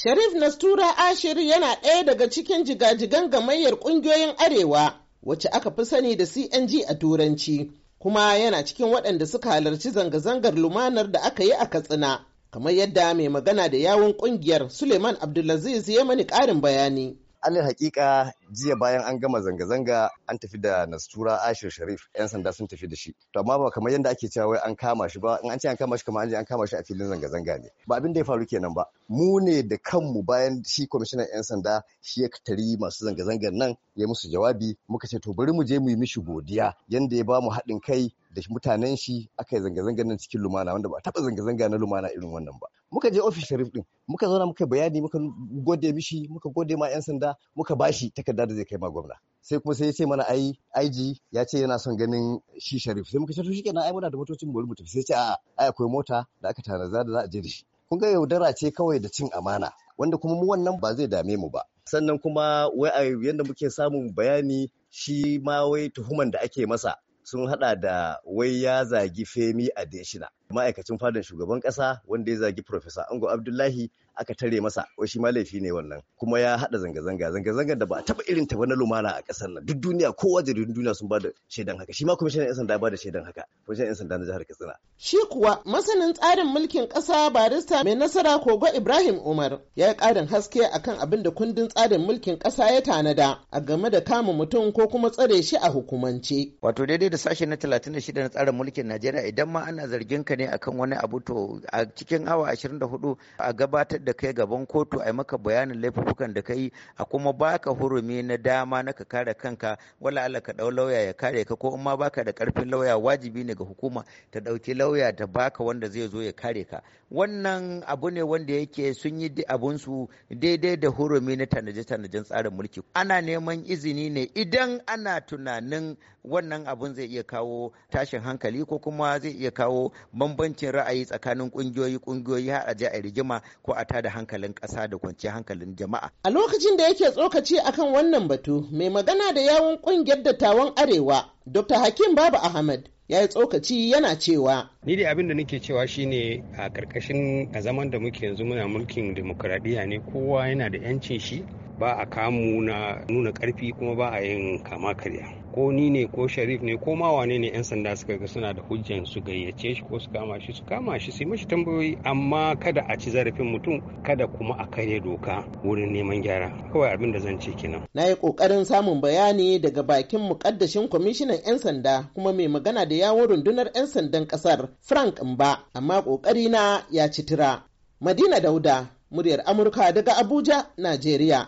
Sharif Nastura Ashir yana ɗaya daga cikin jigajigan gamayyar ƙungiyoyin Arewa, wacce aka fi sani da CNG a Turanci, kuma yana cikin waɗanda suka halarci zanga-zangar lumanar da aka yi a Katsina, kamar yadda mai magana da yawun ƙungiyar Suleiman Abdulaziz ya mani ƙarin bayani. alal hakika jiya bayan an gama zanga-zanga an tafi da nastura ashir sharif yan sanda sun tafi da shi to amma ba kamar yadda ake cewa wai an kama shi ba in an ce an kama shi kamar an je an kama shi a filin zanga-zanga ne ba abin da ya faru kenan ba mu ne da kanmu bayan shi kwamishinan yan sanda shi ya tari masu zanga-zangar nan ya musu jawabi muka ce to bari mu je mu yi mishi godiya yanda ya ba mu haɗin kai da mutanen shi aka yi zanga-zangar nan cikin lumana wanda ba taɓa zanga-zanga na lumana irin wannan ba muka je ofis sharif din muka zauna muka bayani muka gode mishi muka gode ma yan sanda muka bashi takarda da zai kai ma gwamna sai kuma sai ya ce mana ai IG ya ce yana son ganin shi sharif sai muka ce to shikenan ai muna da motocin bolu mutum tafi sai ce a ai akwai mota da aka tanada da za a je da shi kun ga yaudara ce kawai da cin amana wanda kuma mu wannan ba zai dame mu ba sannan kuma wai a yanda muke samun bayani shi ma wai tuhuman da ake masa sun hada da wai ya zagi femi a deshina ma'aikacin fadan shugaban kasa wanda ya zagi Profesa Ango Abdullahi aka tare masa wai shi laifi ne wannan kuma ya hada zanga-zanga zanga-zanga da ba a taba irin ta ba na lumana a kasar nan duk duniya kowa jaridun duniya sun bada shaidan haka shi ma kuma shi yan sanda bada shaidan haka kuma shi yan sanda na jihar Katsina shi kuwa masanin tsarin mulkin kasa barista mai nasara Kogo Ibrahim Umar ya yi karin haske akan abin da kundin tsarin mulkin kasa ya tanada a game da kama mutum ko kuma tsare shi a hukumance wato daidai da sashe na 36 na tsarin mulkin Najeriya idan ma ana zargin ka ne akan wani abu to a cikin awa 24 a gabatar da kai gaban kotu a maka bayanin laifukan da kai a kuma baka hurumi na dama na ka kare kanka wala Allah ka dau lauya ya kare ka ko in baka da karfin lauya wajibi ne ga hukuma ta dauki lauya ta baka wanda zai zo ya kare ka wannan abu ne wanda yake sun yi abun su daidai da hurumi na tanaje-tanajen tsarin mulki ana neman izini ne idan ana tunanin wannan abun zai iya kawo tashin hankali ko kuma zai iya kawo bambancin ra'ayi tsakanin kungiyoyi kungiyoyi har a ji a rigima ko a tada hankalin ƙasa da kwanciyar hankalin jama'a. A lokacin da yake tsokaci akan wannan batu mai magana da yawun kungiyar dattawan Arewa Dr. Hakim Babu Ahmad ya yi tsokaci yana cewa ni da abin da nake cewa shine a karkashin a zaman da muke yanzu muna mulkin demokuraɗiyya ne kowa yana da yancin shi ba a kamu na nuna karfi kuma ba a yin kama karya ko ni ne ko sharif ne ko Mawa ne, ne yan sanda suka ga suna da hujjan su gayyace shi ko su kama shi su kama shi su yi mashi tambayoyi amma kada a ci zarafin mutum kada kuma a karya doka wurin neman gyara kawai abin da zan ce kenan na yi kokarin samun bayani daga bakin mukaddashin kwamishinan yan sanda kuma mai magana da yawon rundunar yan sandan kasar frank mba amma kokari na ya ci tira madina dauda muryar amurka daga abuja najeriya